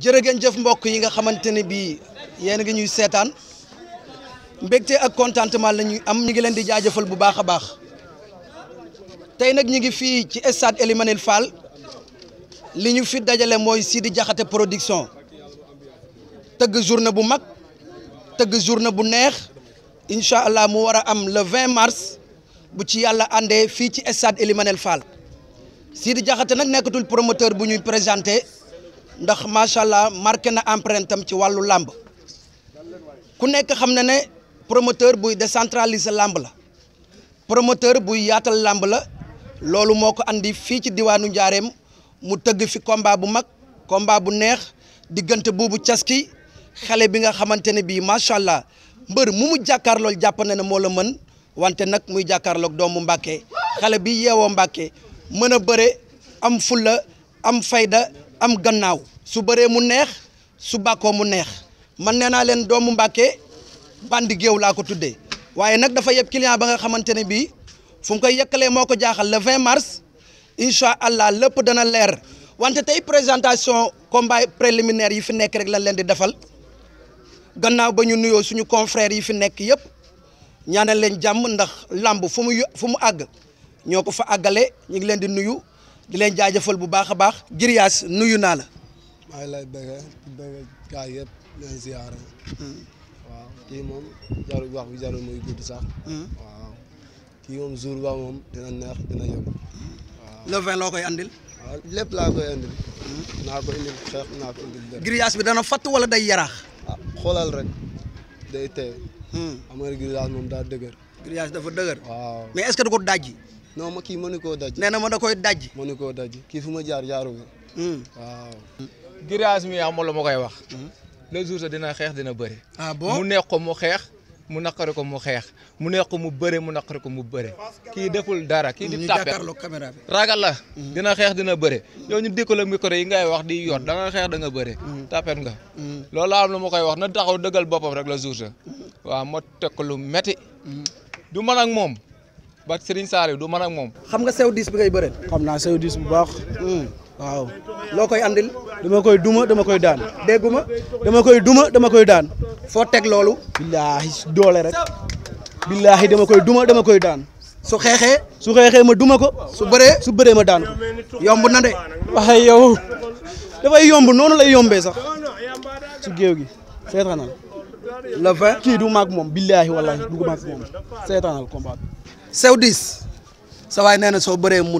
jërëgeen jëf mbokk yi nga xamante ne bii yéen nga ñuy seetaan mbégte ak contentement la ñuy am ñu ngi leen di jaajëfal bu baax a baax tey nag ñu ngi fii ci stade Ely Manel li ñu fi dajale mooy Sidi Diakhaté production tëgg journée bu mag tëgg journée bu neex incha allah mu war a am le 20 mars bu ci yàlla àndee fii ci stade Ely Manel Fall Sidi Diakhaté nag nekkatul promoteur bu ñuy présenté. ndax macha allah marqué na empreinte am ci wàllu làmb ku nekk xam na ne promoteur buy décentraliser làmb la promoteur buy yaatal làmb la loolu moo ko indi fii ci diwaanu Njaareem mu tëgg fi combat bu mag komba bu neex diggante buubu caski xale bi nga xamante ne bii macha allah mbër mu mu jàkkaarlool jàpp na ne moo la mën wante nag muy jàkkaarloog doomu Mbàkke xale bi yeewoo Mbàkke mën a bëre am fulla am fayda am gannaaw su bëree mu neex su bàkkoo mu neex man nee naa leen doomu Mbàkke bandi géew laa ko tuddee waaye nag dafa yeb client ba nga xamante ne bii fu koy yëkkalee moo ko jaaxal le 20 mars incha allah lépp dana leer wante tey présentation combat préliminaire yi fi nekk rek lañ leen di defal gannaaw ba ñu nuyoo suñu confrères yi fi nekk yëpp ñaanal leen jàmm ndax làmb fu mu fu mu àgg ñoo ko fa àggale ñu ngi leen di nuyu di leen jaajëfal bu baax a baax Grillage nuyu naa la maa ngi lay bëgg bëgg gaa yëpp leen ziyaara hmm. waaw kii moom jarul wax bi jarul muy gudd sax hmm. kii moom jour ba moom dina neex dina yëg hmm. waaw loo koy andil waaw laa koy andil naa ko indil xeex naa ko indil lépp Grillage bi dana fatt wala day yaraax ah xoolal rek day tey am nga moom daa dëgër Grillage dafa dëgër waaw est-ce que du non ma kii mënu koo daj. nee na ma da koy daj. mënu koo daj kii fu ma jaar jaaru nga. Hmm. waaw. giraas mi amul la ma koy wax. Hmm. le jour sa dina xeex dina bëri. ah bon neex ko mu xeex. mu naqari ko mu xeex mu neex ko mu bëre mu naqari ko mu bëre kii deful dara kii di tàppet ragal la hmm. dina xeex dina bëre yow ñu dikk la micro yi ngay wax di yor da nga xeex da nga bëre tàppet nga loolu am la ma koy wax na taxaw dëggal boppam rek la jour sa waaw ma teg ko lu metti du man ak moom ba Serigne Saliou du man ak moom. xam nga sew diis bi ngay bëre. xam naa sew diis bu baax. Hmm. waaw loo koy andil. dama koy duma dama koy daan. dégguma dama koy duma dama koy daan. foo teg loolu. billaahi doole rek. billaahi dama koy duma dama koy daan. su xeexee. su xeexee ma duma ko. su bëree su bëree ma daan ko. yomb na de. waaye yomb noonu lay yombee sax su géew gi seetaanal. la kii du maag moom billaahi wallaahi du maag moom seetaanal combat sew diis sa nee na soo bëree mu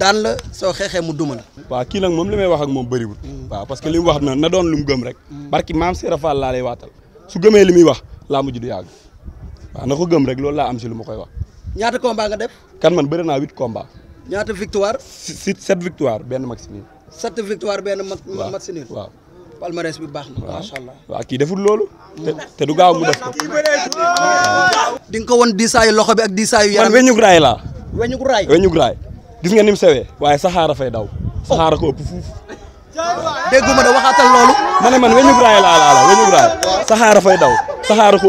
daan la soo xeexee mu duma la. waaw kii nag moom li may wax ak moom bëriwul. waa parce que li mu wax na na doon lu mu gëm rek. barki maam Sera Fall laa lay waatal su gëmee li muy wax laa mujj du yàgg waaw na ko gëm rek loolu laa am si lu ma koy wax. ñaata combat nga def. kan man bëri naa huit combat. ñaata victoire. si sept victoire benn maximum. sept victoire benn maximum. si waaw. palmarès bi baax na macha allah. kii deful loolu. te du gaaw mu def ko. di nga ko won diisaayu loxo bi ak diisaayu yaram. man weññug raay laa. weññug raay weññug raay. gis nga ni mu sewee waaye saxaara fay daw. saxaara ko ëpp fuuf. man weññug raay fay daw saxaara ko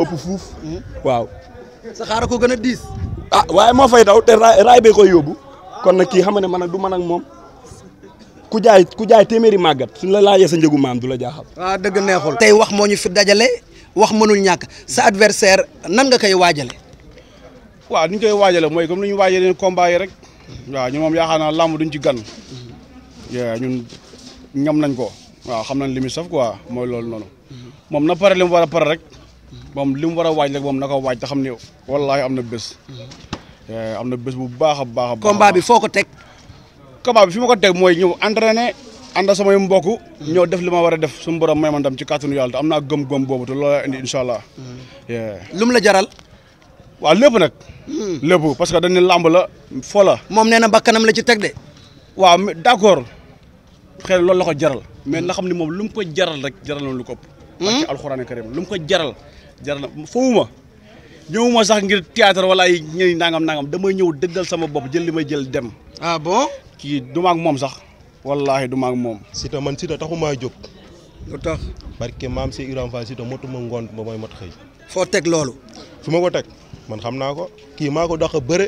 waaw. saxaara ko gën a diis. ah waaye moo fay daw te raay raay koy yóbbu. kon nag kii xam ne man a du man ak moom. ku jaay ku jaay téeméeri màggat suñ la laajee sa njëgu maam du la jaaxal. waaw ah, dëgg neexul. tey wax moo ñu fi dajale wax mënul ñàkk sa adversaire nan nga koy waajale waaw ni ñu koy waajale mooy comme ni ñu waajalee combat yi rek. waaw ñu moom yaakaar naa làmb duñ ci gan. ñun ñam nañ ko. waaw xam nañ li muy ko waa mooy loolu noonu. moom na pare li mu war a pare rek. moom li mu war a waaj rek moom na ko waaj te xam ne wallaahi am na bés. Mm-hmm. am na bés bu baax a baax a baax. bi foo ko teg. combat bi fi ma ko teg mooy ñëw entraîné ànd samay mbokk. ñëw def li ma war a def suñu borom may ma ndam ci kàttanu yàlla te am naa gëm-gëm boobu te loolu indi incha mm. lum la jaral. waaw lépp nag. Mm. lépp parce que dañ ne làmb la foola moom nee na kanam la ci teg de. waaw d' accord xëy na jaral. mais na xam ni moom lu mu ko jaral rek jaral na lu ko ëpp. Mm. parce que lu mu ko jaral jaral na fowuma ñëwuma sax ngir théâtre wala ay ñëw nangam nangam damay ñëw dëggal sama bopp jël li may jël dem. Ah kii du maag moom sax wallaahi du maag moom. sita man Siteu taxumaa jóg. lu tax. barke maam si Ibrahima Fall Siteu motuma ngoon ba mooy mot xëy. foo teg loolu. fu ma ko teg man xam naa ko kii maa ko dox a bëre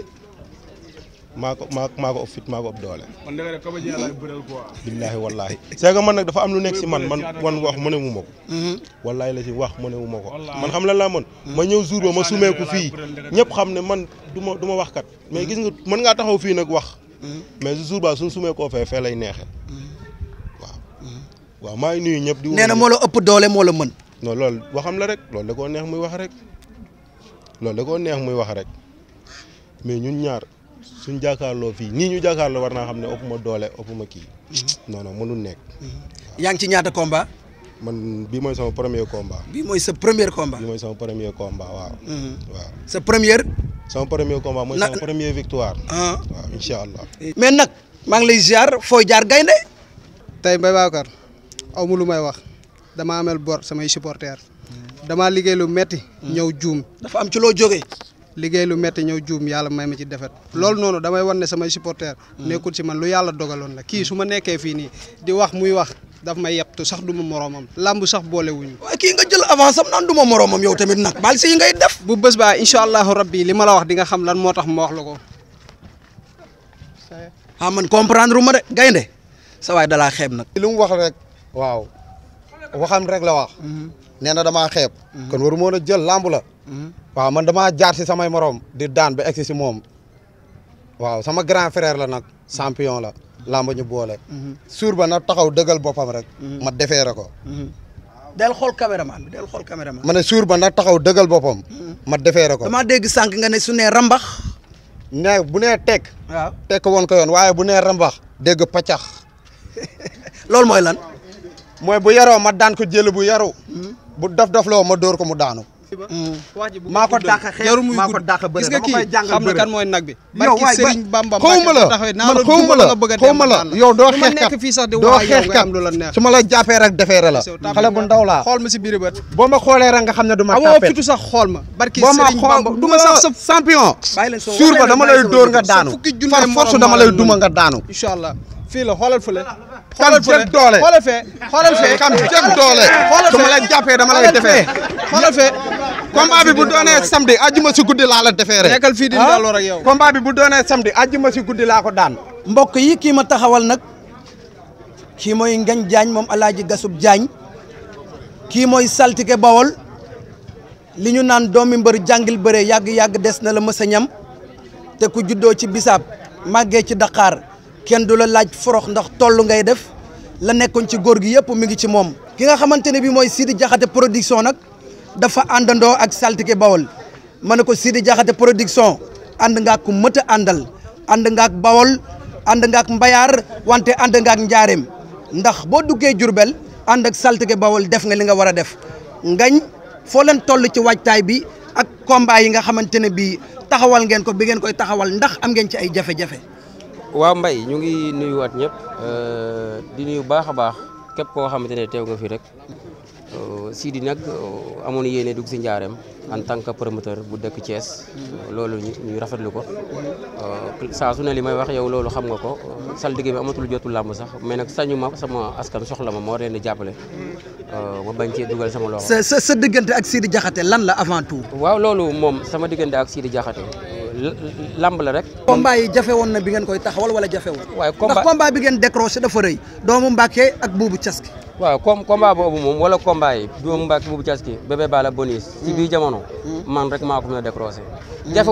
maa ko maa maa ko ëpp fit maa doole. man da nga def comédien laay bëreel quoi. billaahi dafa am lu nekk si man man wan wax mu ne wu ma ko. Mm-hmm. wallaahi la si wax mu ne wu ma ko. man xam lan laa mën. ma ñëw jour ba ma sumeeku fii ñëpp xam ne man du ma du ma wax kat. mais gis nga mën ngaa taxaw fii nag wax. Mm-hmm. mais su suur baa suñ sumee koo fee fee lay neexee. Mm-hmm. waaw. Mm-hmm. waaw maa ngi nuyu ñëpp di. nee na moo la ëpp doole moo la mën. non loolu waxam la rek loolu da koo neex muy wax rek loolu da koo neex muy wax rek mais ñun ñaar suñ jàkkaarloo fii nii ñu jàkkaarloo war naa xam ne ëpp ma doole ëpp ma kii. non non mënul nekk. yaa ngi ci ñaata combat. man bii mooy sama premier combat. bii mooy mooy sama premier komba waaw. waaw sa première sama premier combat mooy sama premier victoire. Ah. waaw incha allah. mais nag maa ngi lay ziar fooy jaar gaynde tey Mbaye Babacar aw ma lu may wax dama amel bor samay supporters damaa liggéey lu metti hmm. ñëw juum. dafa am ci loo jógee. liggéey lu metti ñëw juum yàlla may ma ci defet loolu noonu damay wan ne samay supporter hmm. nekkul si man lu yàlla dogaloon la kii su ma nekkee fii nii di wax muy wax daf may yebtu sax du ma moroomam làmb sax boole wuñu waaye kii nga jël avance am naan du moroomam yow tamit nag baal yi ngay def bu bés baa incha allahu rabbi li ma la wax di nga xam lan moo tax ma wax la ko ah man comprendre ma de gaynde sa dalaa xeeb nag li mu wax rek waaw waxam rek la wax. Mhm. nee na damaa xeeb. Mhm. kon waru moon a jël làmb la. Mhm. waaw man damaa jaar si samay moroom di daan ba egsi si moom. waaw sama grand frère la nag champion la làmb ñu boole. suur ba na taxaw dëggal boppam rek. ma defeere ko. del xool caméraman bi del xool ma suur ba na taxaw dëggal boppam. ma defeere ko damaa dégg sànq nga ne su nee rambax. nee bu ne tek waaw tekk woon ko yoon waaye bu nee rambax. dégg paccax. loolu mooy lan. mooy bu yaroo ma daan ko jël bu yaru hmm? bu dof dof loo ma dóor ko mu daanu. Hmm. maa ko dàq xeex maa xam nga kii na kan mooy nag bi. yow waay ba xawma la man xawma la xawma la yow doo xeexkat doo xeexkat su ma la jàppee rek defeere la. xale bu ndaw xool ma si biir bët. boo ma xoolee rek nga xam ne du ma. tapé amoo sax xool ma. barki Serigne Bamba du ma sax sa suur ma dama lay dóor nga daanu. far dama lay duma nga daanu. incha allah la xoolal fële kan ceeb doole xoolal fee xoolal fee kan ceeb doole ma la jàppee dama lay defee xoolal bu doonee samedi ajjuma si guddi laa la defee rek nekkal fii di ah? daloo rek yow combat bi bu doonee samedi ajjuma si guddi laa ko daan mbokk yi kii ma taxawal nag kii mooy jaañ moom alaaji gasub Diagne kii mooy saltige Bawol li ñu naan doomi mbër jàngil bëre yàgg-yàgg des na la mës ñam te ku juddoo ci bisaab màggee ci daqaar kenn du la laaj forox ndax toll ngay def la nekkoon ci góor gi yëpp mi ngi ci moom. ki nga xamante ne bii mooy Sidi Diakhaté production nag dafa àndandoo ak saltige bawol ma ne ko Sidi Diakhaté production ànd nga ku mët a àndal ànd nga ak bawol ànd nga ak mbayaar wante ànd nga ak njaareem ndax boo duggee Jurbel ànd ak saltige bawol def nga li nga war a def ngañ foo leen toll ci waajtaay bi ak combat yi nga xamante ne bi taxawal ngeen ko bi ngeen koy taxawal ndax am ngeen ci ay jafe waaw mbay ñu ngi nuyuwaat ñëpp euh, di nuyu baax a baax képp koo xamante ne teew nga fi rek euh, Sidi nag euh, amoon yéene dugg si njaareem en tant que promoteur bu dëkk Thiès. loolu ñu rafetlu ko saa su ne li may wax yow loolu xam nga ko sal digg bi amatul jotul làmb sax mais nag sañu ma sama askan soxla ma moo leen di jàppale ma bañ cee dugal sama loxo. sa sa diggante ak Sidi Diakhaté lan la avant tout. waaw loolu moom sama diggante ak sii di Diakhaté lamb la rek. combat jafe woon na bi ngeen koy taxawal wala jafewul. waaye combat ndax combat bi ngeen décroché dafa rëy doomu Mbacke ak buubu Caski. waaw comme combat boobu moom wala combat yi doomu Mbacke buubu Caski bébé Balla Bonis. si biir jamono. Mm-hmm. man rek maa ko mën a décroché.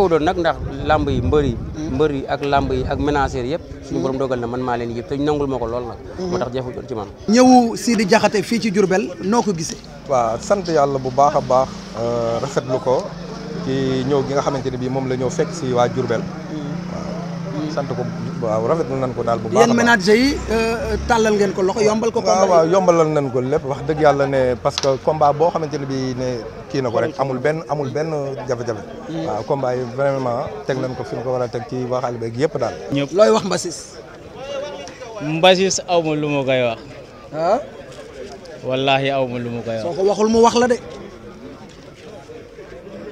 doon nag ndax lamb yi mbër yi. Mm-hmm. mbër yi ak lamb yi ak ménagères yëpp. suñu mm-hmm. borom dogal na man maa leen yëpp te nangul ma ko lool nag. moo tax jafewul doon ci man. ñëwu Sidi Diakhaté fii ci Diourbel noo ko gisee. waaw sant yàlla bu baax a baax euh, rafetlu ko ci ñëw gi nga xamante ne bii moom la ñëw fekk si waa Diourbel. Mm. waaw sant ko waaw rafet nañ ko daal bu baax a baax yéen ménager yi euh, tàllal ko loxo yombal ko. combat waaw yombalal nañ ko lépp wax dëgg yàlla ne parce que combat boo xamante ne bii ne kii na ko rek amul benn amul benn jafe-jafe. Mm. waaw combat yi vraiment teg nañ ko fi ñu ko war a teg ci waa xaalis beeg yëpp daal. ñëpp looy wax Mbassis. Mbassis aw ma lu ma koy wax. ah. wallaahi aw ma lu ma koy wax.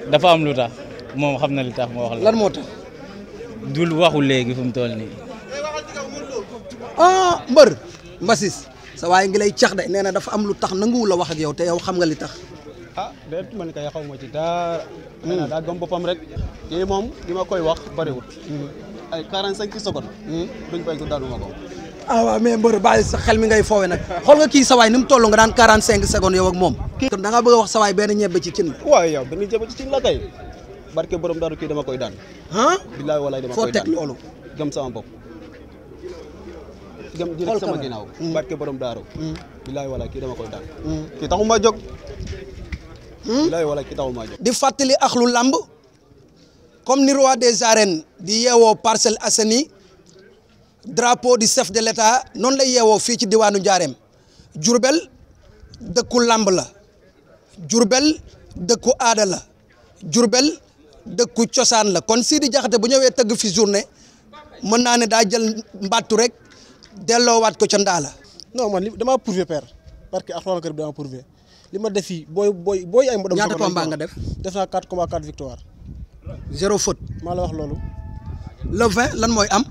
dafa am lu tax moom xam na li tax ma wax la. lan moo tax. dul waxu léegi fu mu toll nii. ah mbër. Mbassis sa waay cax de nee na dafa am lu tax nanguwu la wax ak yow te yow xam nga li tax. ah déet man kay xaw ma ci daa gëm boppam rek. lii moom li ma koy wax bariwul. Hmm. ay 45 secondes. Hmm. duñ bañ ko daanu ma ko. ah waaw mais mbër bàyyi xel mi ngay foowe nag xool nga kii sawaay ni mu toll nga daan 45 secondes yow ak moom da nga bëgg a wax sawaay benn ñebbe ci cin la waaw yow benn ñebbe ci cin la kay barke borom daaru kii dama koy daan ah bilaay walaay dama koy daan foo teg loolu gëm sama bopp gëm jël sama ginnaaw hmm. barke borom daaru hmm. bilaay kii dama koy daan hmm. kii taxu ma jóg bilaay walaay kii taxu ma jóg di fàttali axlu lamb comme ni roi des arènes di yeewoo Parcelles Assainies drapeau du chef de l'État noonu la yeewoo fii ci diwaanu Njaareem Jurbel dëkku làmb la Jurbel dëkku aada la Jurbel dëkku cosaan la kon Sidi Diakhaté bu ñëwee tëgg fi journée mën naa ne daa jël mbattu rek delloowaat ko ca ndaa la non man li damaa prouvé parce que Alxuraan kër bi damaa li ma def fii booy booy booy ay. ñaata combat nga def def naa 4 combat 4 victoire. zéro faute. maa la wax loolu. le 20 lan mooy am.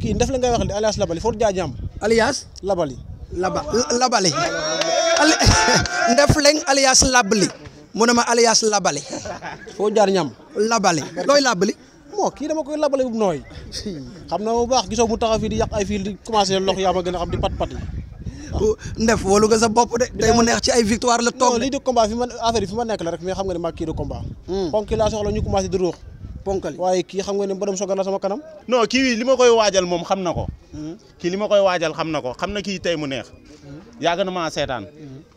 kii ndef la ngay wax de alias Labali foofu jaajam. alias. Labali. Laba Labali. ndef leng alias Labali. mu ne ma alias ñam. Labali looy Labali. moo kii dama koy Labali bu nooy. xam na bu baax gisoo mu taxaw fii di yàq ay fil di commencé lox yaa gën a xam di pat pat yi. ndef wolu nga sa bopp de. tey mu neex ci la yi fi ma la rek mais xam nga ne maa kii de combat. Hmm. ponk la soxla di ruux. ponkali waaye kii xam nga ne borom soog a na sama kanam. non kii li ma koy waajal moom xam na ko. Hmm. kii li ma koy waajal xam na ko xam na kii tey mu neex. yàgg na maa seetaan.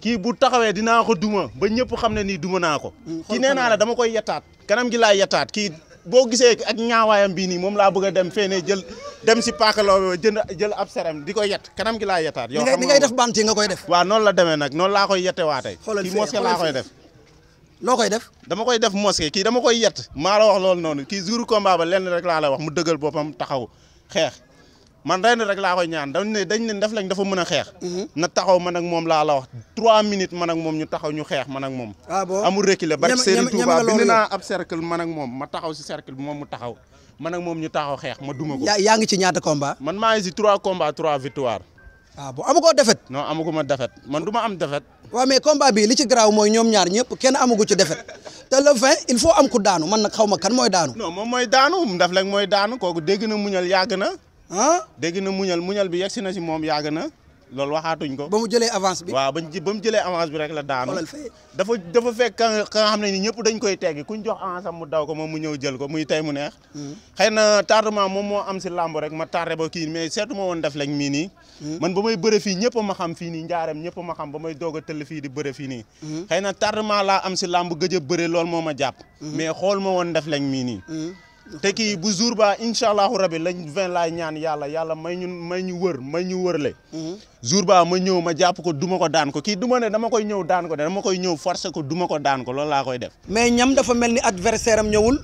kii bu taxawee dinaa ko duma ba ñëpp xam ne nii duma naa ko. Hmm, kii nee naa la dama koy yettaat. kanam gi laay yettaat kii boo gisee ak ñaawaayam bii nii moom laa bëgg a dem fee ne jël dem si paakaloo jënd jël ab serem di ko yett kanam gi laay yettaat. yow xam nga ni ngay def bant yi nga koy la demee nag noonu laa koy yettewaatee. xoolal fee kii mosquée laa koy def. loo koy def dama koy def mosquée kii dama koy yet maa la wax loolu noonu kii jour komba ba lenn rek laa la wax mu dëggal boppam taxaw xeex man ren rek laa koy ñaan dañ ne dañ ne def lañ dafa mën a xeex mhm. na taxaw man ak moom laa la wax trois minutes man ak moom ñu taxaw ñu xeex man ak moom ah amul reculer ba Serigne Touba bind naa ab cercle man ak moom ma taxaw si cercle bi moom mu taxaw man ak moom ñu taxaw xeex ma duma ko yaa ngi ci ñaata combat man maa ngi si trois combat trois victoire waaw ah, bu amugoo defet non amaguma defet man du ma am defet waaw mais combat bi li ci garaaw mooy ñoom ñaar ñëpp kenn amagu ci defet te le fin il faut am ku daanu man nag xaw ma kan mooy daanu non moom mooy daanu daf leen mooy daanu kooku dégg na muñal yàgg na ah dégg na muñal muñal bi yegg si moom yàgg na loolu waxaatuñ ko. ba mu jëlee avance bi waaw ba mu jëlee avance bi rek la daanu. dafa dafa fekk ka nga xam ne ni ñëpp dañ koy teggi kuñ jox avance am mu daw ko moom mu ñëw jël ko muy tey mu neex. Hmm. xëy na tardement moom moo am si làmb rek ma tardé ba kii mais seetu ma woon def lañ mii nii. Hmm. man ba may bëre fii ñëpp ma xam fii nii njaareem ñëpp ma xam ba may doog a tëll fii di bëre fii nii. Hmm. xëy na tardement laa am si làmb gëj a bëre loolu moo ma jàpp. mais xool ma woon def lañ mii nii. te kii bu jour ba incha allahu rabi lañ vingt laay ñaan yàlla yàlla may ñu may ñu wër may ñu wërle. Mhm. jour ba ma ñëw ma jàpp ko duma ko daan ko kii duma ne dama koy ñëw daan ko dama koy ñëw forcer ko duma ko daan ko loolu laa koy def. mais ñam dafa mel ni adversaire am ñëwul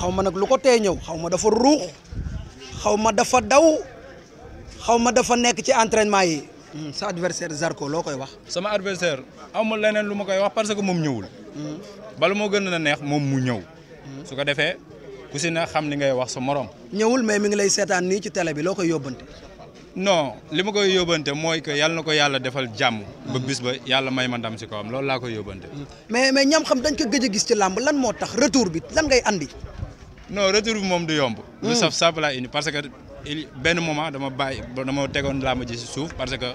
xaw ma nag lu ko tee ñëw xaw ma dafa ruux xaw ma dafa daw xaw ma dafa nekk ci entraînement yi. Hmm, sa adversaire Zarko loo koy wax. sama adversaire amul leneen lu ma koy wax parce que moom ñëwul. Hmm. bala moo gën na neex moom mu ñëw. Hmm. ku na xam li ngay wax sa morom. ñëwul mais mi ngi lay seetaan nii ci télé bi loo koy yóbbante. non li ma koy yóbbante mooy que yàlla na ko yàlla defal jàmm. ba bis ba yàlla may ma ndam si kawam loolu laa koy yóbbante. mais mais ñam xam dañ ko gëj a gis ci làmb lan moo tax retour bi lan ngay andi. no retour bi moom du yomb. Hmm. lu saf saf laa indi parce que benn moment dama bàyyi dama tegoon làmb ji si suuf parce que.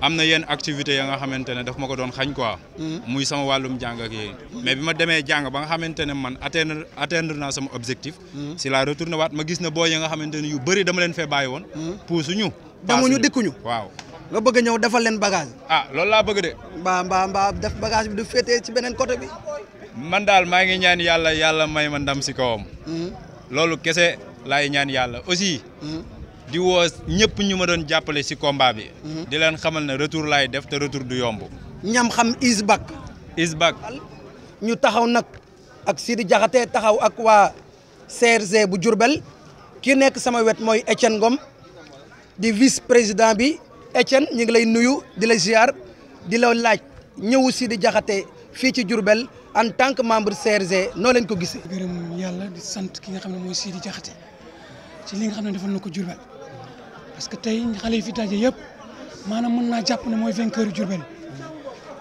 am na yenn activité ya nga xamante ne daf ma ko doon xañ quoi. Mm-hmm. muy sama wàllum jàng ak mm-hmm. mais bi ma demee jàng ba nga xamante ne man atteindre atteindre naa sama objectif. Mm-hmm. si la retourne waat ma gis na booy ya nga xamante ne yu bëri dama leen fee bàyyi woon. puusuñu. demuñu dikkuñu waaw. nga bëgg ñëw defal leen bagage. a ah, loolu laa bëgg de. mbaa mbaa def bagage bi du féetee ci beneen côté bi. man daal maa ngi ñaan yàlla yàlla may man dam si kawam. loolu kese laay ñaan yàlla aussi. di woo ñëpp ñu ma doon jàppale si combat bi. Mhm. di leen xamal na retour lay def te retour du yomb. ñam xam Isbak. Isbak. ñu taxaw nag ak Sidi Diakhaté taxaw ak waa CRG bu jurbel ki nekk sama wet mooy Etienne Ngom di vice président bi Etienne ñu ngi lay nuyu di la ziar di la laaj ñëwu Sidi Diakhaté fii ci Diourbel en tant que membre CRG noo leen ko gisee. gërëm yàlla di sant ki nga xam ne mooy Sidi Diakhaté ci li nga xam ne defal na ko Diourbel. parce que tey xale yi fi daje yëpp maanaam mën naa jàpp ne mooy vainqueur yu Diourbel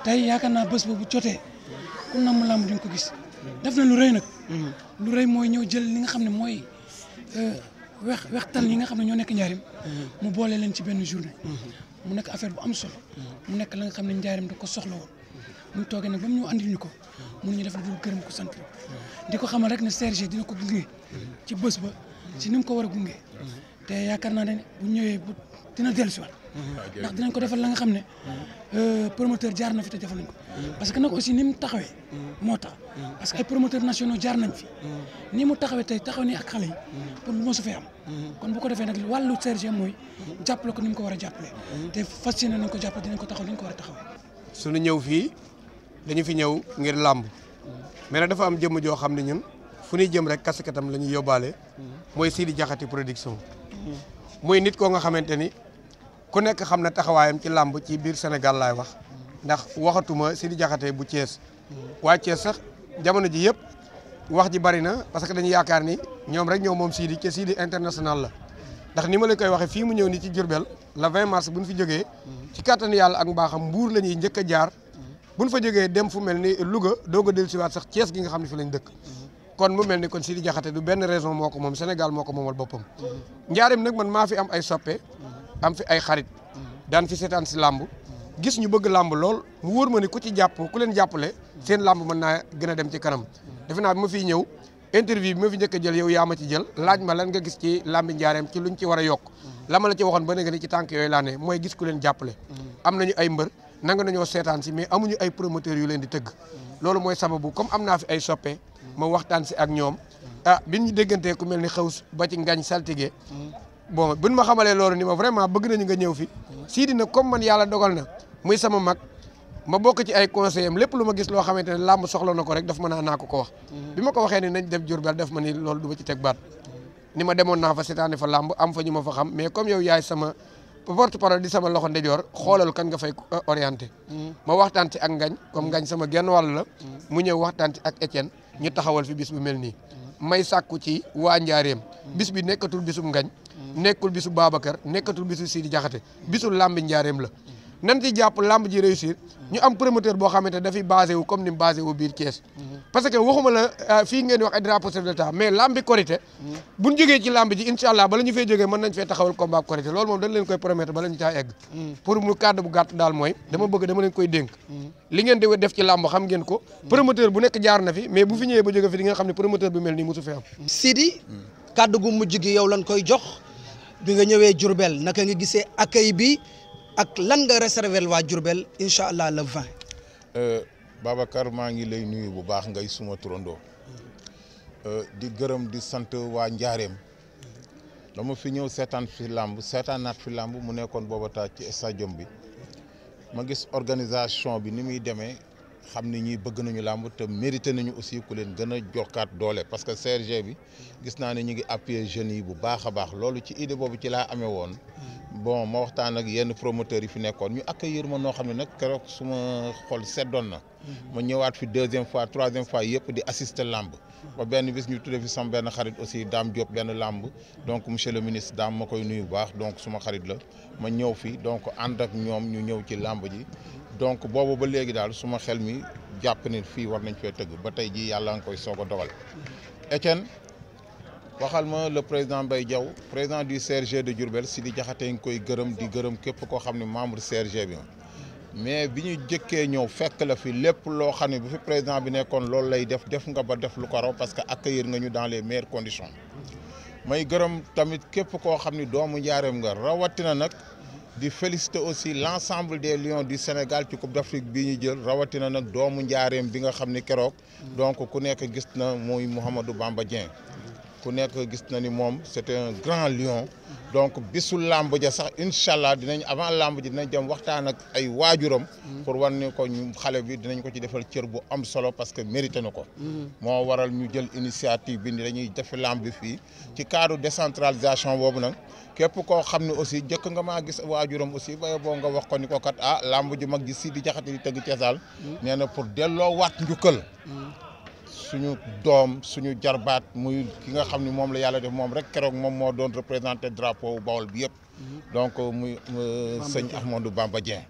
tey yaakaar naa bés boobu jotee ku namm làmb di nga ko gis def na lu rëy nag mhm. lu rëy mooy ñëw jël li nga xam ne mooy euh, wex wextal yi nga xam ne ñoo nekk njaarim mhm. mu boole leen ci benn journée mhm. mu nekk affaire bu am solo mu nekk la nga xam ne njaarim da ko soxla woon mu toogee nag ba mu ñëw andil ñu ko mun ñu def la dul gërëm ko sant di ko xamal rek ne Serge dina ko gunge ci bés ba ci ni ko war a gunge te yaakaar naa ne bu ñëwee bu dina dellusiwaat. ndax dinañ ko defal la nga xam ne euh, promoteur jaar na fi te defaluñ ko mm. parce que nag aussi ni mu taxawee mm. moo tax mm. parce que ay promoteurs nationaux jaar nañ fi ni mu taxawee tey taxaw ni xale yi su fee am kon bu ko defee wàllu Serge mooy jàppale ko ni mu ko war a jàppale te fas yéene nañ ko jàppale dinañ ko taxaw ni ñu ko war a taxawee suñu ñëw fii dañu fi ñëw ngir làmb mais nag dafa am jëmm joo xam ne ñun fu ñuy jëm rek kasikatam la ñuy yóbbaale mooy di Diakhaté production muy nit koo nga xamante ni ku nekk xam na taxawaayam ci làmb ci biir Sénégal laay wax ndax waxatuma di Diakhaté bu cees waa Thiès sax jamono ji yëpp wax ji bari na parce que dañu yaakaar ni ñoom rek ñëw moom Sidi ca Sidi international la ndax ni ma la koy waxee fii mu ñëw ni ci Diourbel le 20 mars bu ñu fi jógee ci kàttanu yàlla ak mbaaxam mbuur la ñuy njëkk a jaar bu ñu fa jógee dem fu mel ni Louga doog a dellusiwaat sax Thiès gi nga xam ne fi lañ dëkk kon mu mel ni kon Sidi Diakhaté du benn raison moo ko moom Sénégal moo ko moomal boppam njaarim nag man maa fi am ay soppe am fi ay xarit daan fi seetaan si làmb gis ñu bëgg làmb lool mu ma ni ku ci jàpp ku leen jàppale seen làmb mën naa gën a dem ci kanam defe naa ma fiy ñëw interview fi njëkk jël yow yaa ma ci jël laaj ma lan nga gis ci làmbi njaareem ci luñ ci war a yokk la ma la ci waxoon ba nga ni ci tànk yooyu laa mooy gis ku leen jàppale am nañu ay mbër nanga nañoo seetaan si mais amuñu ay promoteurs yu leen di tëgg loolu mooy sababu comme am naa fi ay soppe ma waxtaan si ak ñoom ah bi ñu déggantee ku mel ni xaw ba ci ngañ saltige bon buñ ma xamalee loolu ni ma vraiment bëgg nañu nga ñëw fi Sidi nag comme man yàlla dogal na muy sama mag ma bokk ci ay conseil am lépp lu ma gis loo xamante ne làmb soxla na ko rek daf ma naa naa ko ko wax bi ma ko waxee ni nañ def Jurbel daf ma ni loolu du ma ci teg baat ni ma demoon naa fa seetaani fa làmb am fa ñu ma fa xam mais comme yow yaay sama porte parole di sama loxo ndeyjoor xoolal kan nga fay orienté mm. ma waxtaan ci ak ngañ comme ngañ sama genn wàll la mm. mu ñëw waxtaan ci ak Étienne ñu taxawal fi bis bu mel nii may sàkku ci waa njaareem bis bi nekkatul bisub ngañ mm. nekkul bisu Babacar nekkatul bisu Sidi Jaxate bisu làmbi njaareem la nan ci jàpp làmb ji réussir ñu am promoteur boo xamante dafay basé wu comme ni mu basé wu biir Thiès parce que waxuma la euh, fii ngeen di wax ay drapeau chef d'état mais làmbi korité buñ jógee ci làmb ji incha allah bala ñu fee jógee mën nañ fee taxawal combat korité loolu moom dañ leen koy promettre bala ñu caa egg pour mu cadre bu gàtt daal mooy dama bëgg dama leen koy dénk li ngeen di def ci làmb xam ngeen ko promoteur bu nekk jaar na fi mais bu fi ñëwee ba nga xam ne promoteur bu ak lan nga réserver waa Diourbel incha allah le 20. Euh, Babacar maa ngi lay nuyu bu baax ngay suma turandoo euh, di gërëm di sant waa Njaareem dama fi ñëw seetaan fi làmb naat fi làmb mu nekkoon Bobota ci stadium bi ma gis organisation bi ni muy demee xam ni ñuy bëgg nañu làmb te mérité nañu aussi ku leen gën a jokkaat doole parce que CRG bi gis naa ne ñu ngi appuyer jeunes yi bu baax a baax loolu ci idée boobu ci laa amee woon. bon ma waxtaan ak yenn promoteurs yi fi nekkoon ñu accueillir ma noo xam ne nag keroog suma xol seddoon na. Mhm. ma ñëwaat fi deuxième fois troisième fois yëpp di assister làmb. ba benn bis ñu tuddee fi sama benn xarit aussi Dame Diop benn làmb. donc monsieur le ministre Dame ma koy nuyu baax donc suma xarit la ma ñëw fi donc ànd ak ñoom ñu ñëw ci làmb ji. donc boobu ba léegi daal suma xel mi jàpp ni fii war nañ fee tëgg ba tey jii yàlla nga koy soog a dogal. Etienne mhm. waxal ma le président bay jaw président du CRG de si Sidi Diakhaté ngi koy gërëm di gërëm képp koo xam ne membre CRG bi mais bi ñu jëkkee ñëw fekk la fi lépp loo xam ne bu fi président bi nekkoon loolu lay def def nga ba def lu ko raw parce que accueillir nga ñu dans les meilleures conditions may gërëm tamit képp koo xam ni doomu njaareem nga rawatina nag di féliciter aussi l'ensemble des lions du Sénégal ci Coupe d'Afrique bi ñu jël rawatina nag doomu njaareem bi nga xam ni keroog donc ku nekk gis na muy Mouhamadou Bamba Dieng ku nekk gis na ni moom c'est un grand lion donc bisu làmb ja sax incha allah dinañ avant lamb ji dinañ dem waxtaan ak ay waajuram pour war ni ko ñu xale bi dinañ ko ci defal cër bu am solo parce que mérité na ko moo waral ñu jël initiative bi ni dañuy jafe làmb bi fii ci cadre décentralisation boobu nag képp koo xam ne aussi jëkk nga maa gis waajuram aussi bayo boo nga wax ko ni ko kat ah làmb ji mag ji Sidi Jaxate di tëgg Ceesal nee na pour delloo waat njukkal suñu doom suñu jarbaat muy ki nga xam ni moom la yàlla def moom rek keroog moom moo doon représenté drapeau Bawol bi yëpp mhm. donc euh, muy euh, sëñ Ahmadou Bamba Dieng